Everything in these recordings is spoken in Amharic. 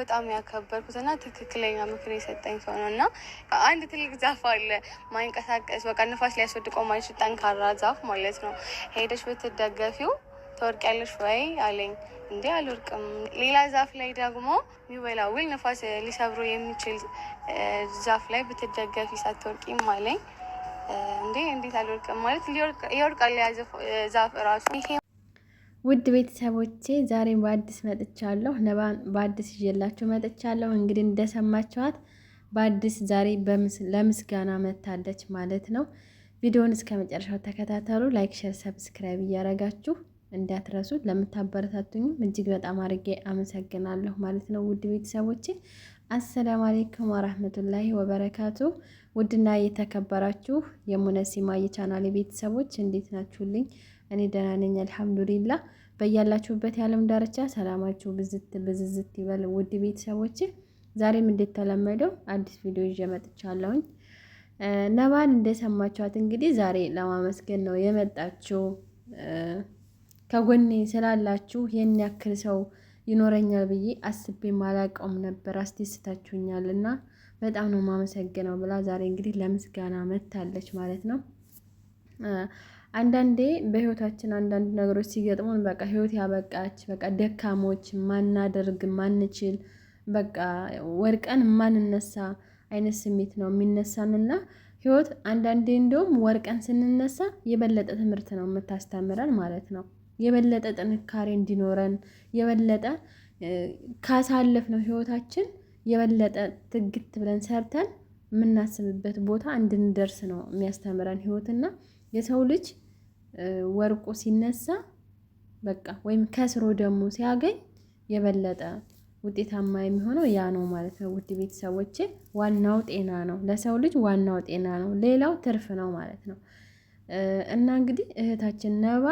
በጣም ያከበርኩት እና ትክክለኛ ምክር የሰጠኝ ሰው ነው እና አንድ ትልቅ ዛፍ አለ ማይንቀሳቀስ በቃ ንፋስ ሊያስወድቆ ማይችል ጠንካራ ዛፍ ማለት ነው። ሄደሽ ብትደገፊው ትወድቂያለሽ ወይ አለኝ። እንዴ አልወርቅም። ሌላ ዛፍ ላይ ደግሞ ውል ንፋስ ሊሰብሮ የሚችል ዛፍ ላይ ብትደገፊ ሳትወድቂም አለኝ። እንዴ እንዴት አልወርቅም ማለት ይወድቃል የያዘ ዛፍ እራሱ ውድ ቤተሰቦቼ ዛሬ በአዲስ መጥቻለሁ። ነባን በአዲስ ይዤላችሁ መጥቻለሁ። እንግዲህ እንደሰማችኋት በአዲስ ዛሬ ለምስጋና መታለች ማለት ነው። ቪዲዮውን እስከ መጨረሻው ተከታተሉ። ላይክ፣ ሼር፣ ሰብስክራይብ እያረጋችሁ እንዳትረሱ። ለምታበረታቱኝም እጅግ በጣም አድርጌ አመሰግናለሁ ማለት ነው። ውድ ቤተሰቦቼ አሰላሙ አሌይኩም ወራህመቱላሂ ወበረካቱ። ውድና የተከበራችሁ የሙነሲማ የቻናል ቤተሰቦች እንዴት ናችሁልኝ? እኔ ደህና ነኝ፣ አልሐምዱሊላ በያላችሁበት የዓለም ዳርቻ ሰላማችሁ ብዝት ብዝዝት ይበል። ውድ ቤተሰቦች ዛሬም እንደተለመደው አዲስ ቪዲዮ ይዤ መጥቻለሁኝ። ነባን እንደሰማችኋት እንግዲህ ዛሬ ለማመስገን ነው የመጣችው። ከጎኔ ስላላችሁ ይህን ያክል ሰው ይኖረኛል ብዬ አስቤ ማላቀውም ነበር። አስደስታችሁኛል እና በጣም ነው ማመሰግነው ብላ ዛሬ እንግዲህ ለምስጋና መታለች ማለት ነው። አንዳንዴ በህይወታችን አንዳንድ ነገሮች ሲገጥሙን በቃ ህይወት ያበቃች በቃ ደካሞች ማናደርግ ማንችል በቃ ወድቀን ማንነሳ አይነት ስሜት ነው የሚነሳን እና ህይወት አንዳንዴ እንደውም ወርቀን ስንነሳ የበለጠ ትምህርት ነው የምታስተምረን ማለት ነው። የበለጠ ጥንካሬ እንዲኖረን የበለጠ ካሳለፍ ነው ህይወታችን የበለጠ ትግት ብለን ሰርተን የምናስብበት ቦታ እንድንደርስ ነው የሚያስተምረን ህይወትና እና የሰው ልጅ ወርቆ ሲነሳ በቃ ወይም ከስሮ ደግሞ ሲያገኝ የበለጠ ውጤታማ የሚሆነው ያ ነው ማለት ነው። ውድ ቤተሰቦቼ ዋናው ጤና ነው፣ ለሰው ልጅ ዋናው ጤና ነው፣ ሌላው ትርፍ ነው ማለት ነው። እና እንግዲህ እህታችን ነባ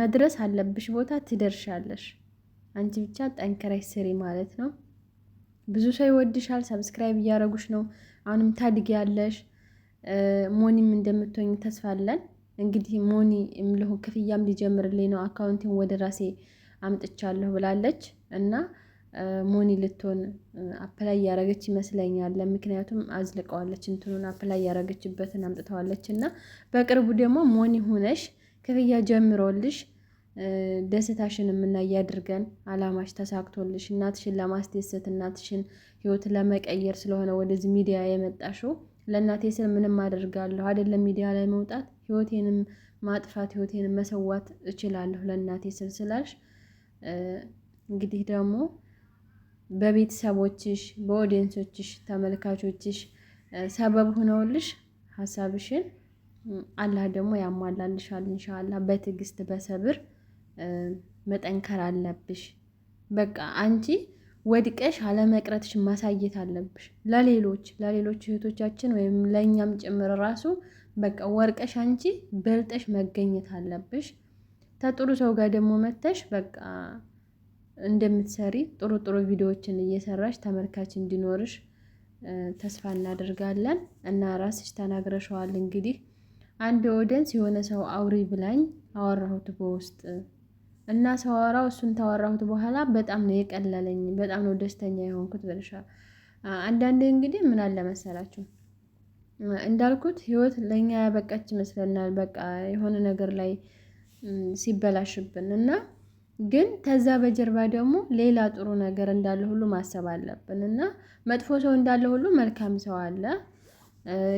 መድረስ አለብሽ ቦታ ትደርሻለሽ፣ አንቺ ብቻ ጠንክረሽ ስሪ ማለት ነው። ብዙ ሰው ይወድሻል፣ ሰብስክራይብ እያደረጉሽ ነው። አሁንም ታድጊያለሽ። ሞኒም እንደምትሆኝ ተስፋ አለን። እንግዲህ ሞኒ የምልህ ክፍያም ሊጀምርልኝ ነው አካውንቲን ወደ ራሴ አምጥቻለሁ ብላለች እና ሞኒ ልትሆን አፕላይ ያደረገች ይመስለኛል። ምክንያቱም አዝልቀዋለች እንትኑን አፕላይ ያደረገችበትን አምጥተዋለች እና በቅርቡ ደግሞ ሞኒ ሁነሽ ክፍያ ጀምሮልሽ ደስታሽን የምናይ ያድርገን። አላማሽ ተሳክቶልሽ እናትሽን ለማስደሰት እናትሽን ህይወት ለመቀየር ስለሆነ ወደዚህ ሚዲያ የመጣሽው ለእናቴ ስል ምንም አደርጋለሁ አይደለም ሚዲያ ላይ መውጣት ህይወቴንም ማጥፋት ህይወቴንም መሰዋት እችላለሁ ለእናቴ ስል ስላልሽ እንግዲህ ደግሞ በቤተሰቦችሽ በኦዲየንሶችሽ ተመልካቾችሽ ሰበብ ሆነውልሽ ሀሳብሽን አላህ ደግሞ ያሟላልሻል ኢንሻአላህ በትዕግስት በሰብር መጠንከር አለብሽ በቃ አንቺ ወድቀሽ አለመቅረትሽ ማሳየት አለብሽ ለሌሎች ለሌሎች እህቶቻችን ወይም ለእኛም ጭምር ራሱ በቃ ወርቀሽ አንቺ በልጠሽ መገኘት አለብሽ። ተጥሩ ሰው ጋር ደግሞ መተሽ በቃ እንደምትሰሪ ጥሩ ጥሩ ቪዲዮዎችን እየሰራሽ ተመልካች እንዲኖርሽ ተስፋ እናደርጋለን። እና ራስሽ ተናግረሸዋል እንግዲህ አንድ ኦዲየንስ የሆነ ሰው አውሪ ብላኝ አወራሁት በውስጥ እና ሰዋራው እሱን ታወራሁት በኋላ በጣም ነው የቀለለኝ፣ በጣም ነው ደስተኛ የሆንኩት ብለሻል። አንዳንዴ እንግዲህ ምን አለ መሰላችሁ እንዳልኩት ህይወት ለእኛ ያበቃች ይመስለናል። በቃ የሆነ ነገር ላይ ሲበላሽብን እና ግን ከዛ በጀርባ ደግሞ ሌላ ጥሩ ነገር እንዳለ ሁሉ ማሰብ አለብን እና መጥፎ ሰው እንዳለ ሁሉ መልካም ሰው አለ።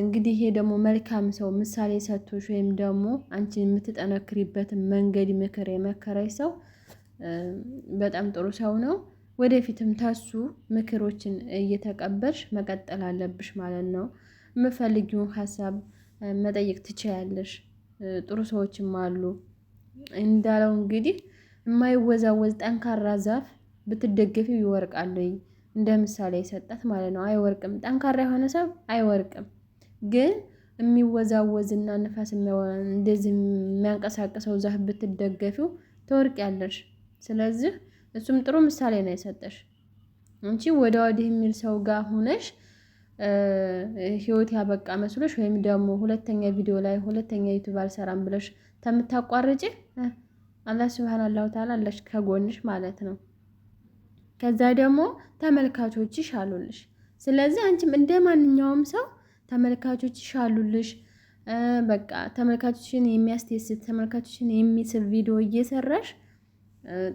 እንግዲህ ይሄ ደግሞ መልካም ሰው ምሳሌ ሰጥቶሽ ወይም ደግሞ አንቺን የምትጠነክሪበትን መንገድ ምክር የመከረች ሰው በጣም ጥሩ ሰው ነው። ወደፊትም ተሱ ምክሮችን እየተቀበልሽ መቀጠል አለብሽ ማለት ነው። የምፈልጊውን ሀሳብ መጠየቅ ትችያለሽ። ጥሩ ሰዎችም አሉ። እንዳለው እንግዲህ የማይወዛወዝ ጠንካራ ዛፍ ብትደገፊው ይወርቃል። እንደ ምሳሌ የሰጣት ማለት ነው። አይወርቅም፣ ጠንካራ የሆነ ሰው አይወርቅም። ግን የሚወዛወዝና ንፋስ እንደዚህ የሚያንቀሳቅሰው ዛፍ ብትደገፊው ትወርቅ ያለሽ። ስለዚህ እሱም ጥሩ ምሳሌ ነው የሰጠሽ። አንቺ ወደ ወዲህ የሚል ሰው ጋር ሁነሽ ህይወት ያበቃ መስሎሽ ወይም ደግሞ ሁለተኛ ቪዲዮ ላይ ሁለተኛ ዩቱብ አልሰራም ብለሽ ተምታቋርጭ አላህ ስብሃን አላሁ ተዓላ አለሽ ከጎንሽ ማለት ነው። ከዛ ደግሞ ተመልካቾችሽ አሉልሽ። ስለዚህ አንቺም እንደ ማንኛውም ሰው ተመልካቾችሽ አሉልሽ። በቃ ተመልካቾችን የሚያስደስት ተመልካቾችን የሚስብ ቪዲዮ እየሰራሽ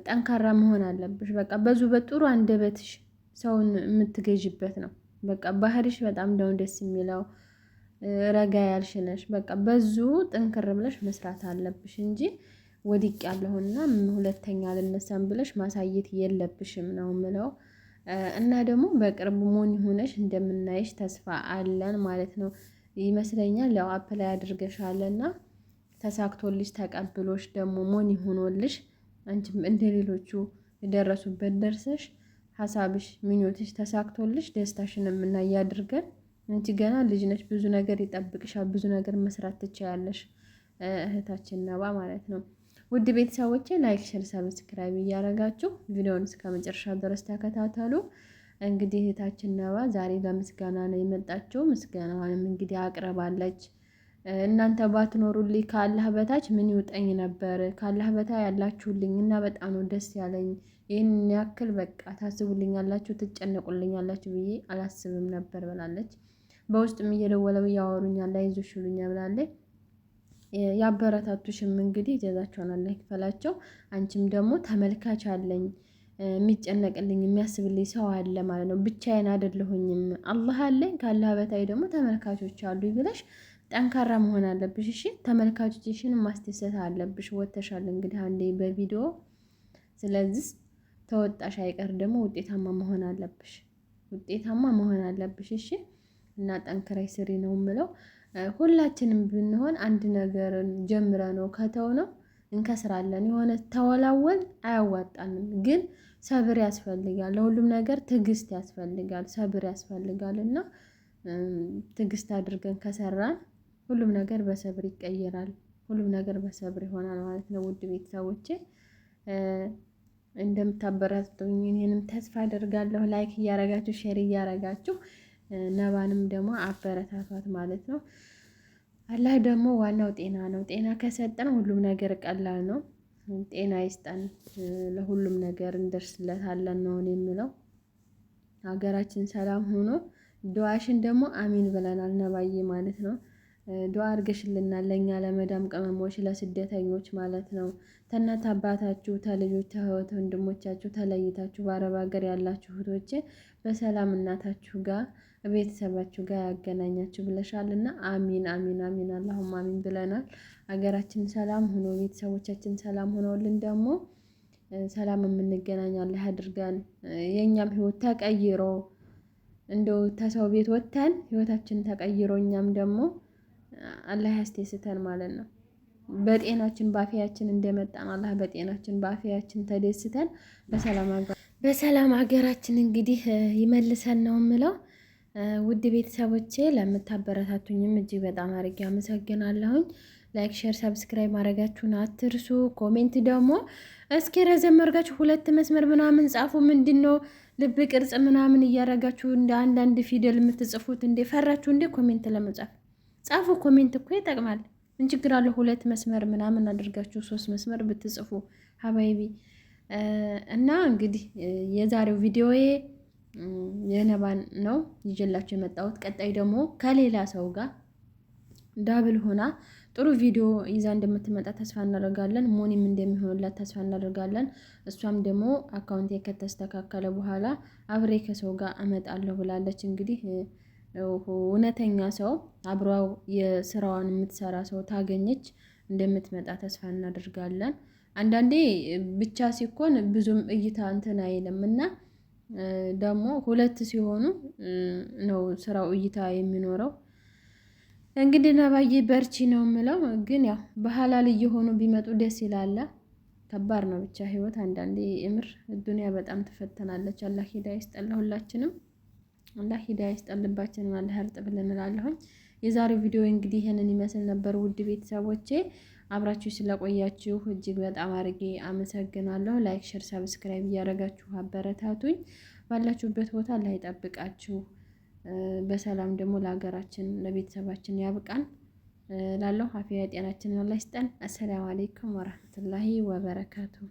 ጠንካራ መሆን አለብሽ። በቃ በዙ በጥሩ አንደበትሽ ሰውን የምትገዥበት ነው። በቃ ባህሪሽ በጣም ደው ደስ የሚለው ረጋ ያልሽ ነሽ። በቃ በዙ ጥንክር ብለሽ መስራት አለብሽ እንጂ ወድቅ ያለሁና ምን ሁለተኛ አልነሳም ብለሽ ማሳየት የለብሽም ነው ምለው። እና ደግሞ በቅርብ ሞኝ ሆነሽ እንደምናይሽ ተስፋ አለን ማለት ነው ይመስለኛል። ያው አፕላይ አድርገሻልና ተሳክቶልሽ ተቀብሎሽ ደግሞ ሞኝ ሆኖልሽ አንቺም እንደሌሎቹ ሌሎቹ የደረሱበት ደርሰሽ ሀሳብሽ ምኞትሽ ተሳክቶልሽ ደስታሽን የምና ያድርገን። አንቺ ገና ልጅ ነሽ፣ ብዙ ነገር ይጠብቅሻል፣ ብዙ ነገር መስራት ትችያለሽ እህታችን ነባ ማለት ነው። ውድ ቤተሰቦች ላይክ፣ ሸር፣ ሰብስክራይብ እያደረጋችሁ ቪዲዮውን እስከ መጨረሻ ድረስ ተከታተሉ። እንግዲህ እህታችን ነባ ዛሬ በምስጋና ነው የመጣችው። ምስጋናዋንም እንግዲህ አቅርባለች። እናንተ ባትኖሩልኝ ካላህ በታች ምን ይውጠኝ ነበር? ካላህ በታ ያላችሁልኝ እና በጣም ነው ደስ ያለኝ። ይህን ያክል በቃ ታስቡልኝ ያላችሁ ትጨነቁልኝ ያላችሁ ብዬ አላስብም ነበር ብላለች። በውስጥም እየደወለው እያወሩኛል አይዞሽ ይሉኛል ብላለች። ያበረታቱሽም እንግዲህ ጀዛቸውን አለ ይክፈላቸው። አንቺም ደግሞ ተመልካች አለኝ የሚጨነቅልኝ የሚያስብልኝ ሰው አለ ማለት ነው። ብቻዬን አይደለሁኝም፣ አላህ አለኝ። ካላህ በታይ ደግሞ ተመልካቾች አሉ ብለሽ ጠንካራ መሆን አለብሽ። እሺ ተመልካቾችሽን ማስደሰት አለብሽ። ወተሻል እንግዲህ አንዴ በቪዲዮ ስለዚህ ተወጣሽ አይቀር ደግሞ ውጤታማ መሆን አለብሽ። ውጤታማ መሆን አለብሽ። እሺ እና ጠንክረሽ ስሪ ነው የምለው። ሁላችንም ብንሆን አንድ ነገርን ጀምረ ነው ከተው ነው እንከስራለን። የሆነ ተወላወል አያዋጣንም። ግን ሰብር ያስፈልጋል፣ ለሁሉም ነገር ትዕግስት ያስፈልጋል፣ ሰብር ያስፈልጋል። እና ትዕግስት አድርገን ከሰራን ሁሉም ነገር በሰብር ይቀየራል፣ ሁሉም ነገር በሰብር ይሆናል ማለት ነው። ውድ ቤተሰቦቼ እንደምታበረቱኝ እኔንም ተስፋ አደርጋለሁ። ላይክ እያረጋችሁ ሼር እያረጋችሁ ነባንም ደግሞ አበረታቷት ማለት ነው። አላህ ደግሞ ዋናው ጤና ነው። ጤና ከሰጠን ሁሉም ነገር ቀላል ነው። ጤና ይስጠን፣ ለሁሉም ነገር እንደርስለታለን ነው የምለው። ሀገራችን ሰላም ሆኖ ዱዓሽን ደግሞ አሚን ብለናል ነባዬ ማለት ነው። ዱዓ አድርገሽልናል ለእኛ ለመዳም ቅመሞች ለስደተኞች ማለት ነው። ተእናት አባታችሁ ተልጆች እህት ወንድሞቻችሁ ተለይታችሁ በአረብ ሀገር ያላችሁ እህቶቼ በሰላም እናታችሁ ጋር ቤተሰባችሁ ጋር ያገናኛችሁ ብለሻል እና አሚን አሚን አሚን አላሁም አሚን ብለናል። አገራችን ሰላም ሆኖ ቤተሰቦቻችን ሰላም ሆኖልን ደግሞ ሰላም የምንገናኛለህ አላህ አድርገን የእኛም ህይወት ተቀይሮ እንደው ተሰው ቤት ወጥተን ህይወታችን ተቀይሮ እኛም ደግሞ አላህ ያስደስተን ማለት ነው። በጤናችን ባፊያችን እንደመጣን አላህ በጤናችን ባፊያችን ተደስተን በሰላም ሀገራችን እንግዲህ ይመልሰን ነው የምለው። ውድ ቤተሰቦቼ ለምታበረታቱኝም እጅግ በጣም አድርጌ አመሰግናለሁኝ። ላይክ፣ ሼር፣ ሰብስክራይብ ማድረጋችሁን አትርሱ። ኮሜንት ደግሞ እስኪ ረዘም አድርጋችሁ ሁለት መስመር ምናምን ጻፉ። ምንድን ነው ልብ ቅርጽ ምናምን እያደረጋችሁ እንደ አንዳንድ ፊደል የምትጽፉት እንደ ፈራችሁ እንደ ኮሜንት ለመጻፍ ጻፉ። ኮሜንት እኮ ይጠቅማል። ምን ችግር ሁለት መስመር ምናምን አድርጋችሁ ሶስት መስመር ብትጽፉ ሀባይቢ። እና እንግዲህ የዛሬው ቪዲዮዬ የነባን ነው ይዤላችሁ የመጣሁት። ቀጣይ ደግሞ ከሌላ ሰው ጋር ዳብል ሆና ጥሩ ቪዲዮ ይዛ እንደምትመጣ ተስፋ እናደርጋለን። ሞኒም እንደሚሆንላት ተስፋ እናደርጋለን። እሷም ደግሞ አካውንቴ ከተስተካከለ በኋላ አብሬ ከሰው ጋር እመጣለሁ ብላለች እንግዲህ እውነተኛ ሰው አብረው የስራዋን የምትሰራ ሰው ታገኘች እንደምትመጣ ተስፋ እናደርጋለን። አንዳንዴ ብቻ ሲኮን ብዙም እይታ እንትን አይልም እና ደግሞ ሁለት ሲሆኑ ነው ስራው እይታ የሚኖረው። እንግዲህ ነባዬ በርቺ ነው የምለው። ግን ያው በሀላል እየሆኑ ቢመጡ ደስ ይላል። ከባድ ነው ብቻ ህይወት አንዳንዴ እምር ዱኒያ በጣም ትፈተናለች። አላህ ሂዳ እና ሂዳ ይስጠልባችን አለ እርጥብ ልንላለሁኝ። የዛሬው ቪዲዮ እንግዲህ ይህንን ይመስል ነበር። ውድ ቤተሰቦቼ አብራችሁ ስለቆያችሁ እጅግ በጣም አርጌ አመሰግናለሁ። ላይክ፣ ሸር፣ ሰብስክራይብ እያደረጋችሁ አበረታቱኝ። ባላችሁበት ቦታ ላይ ጠብቃችሁ በሰላም ደግሞ ለሀገራችን ለቤተሰባችን ያብቃን። ላለው አፍያ ጤናችንን አላህ ይስጠን። አሰላሙ አሌይኩም ወረህመቱላሂ ወበረካቱሁ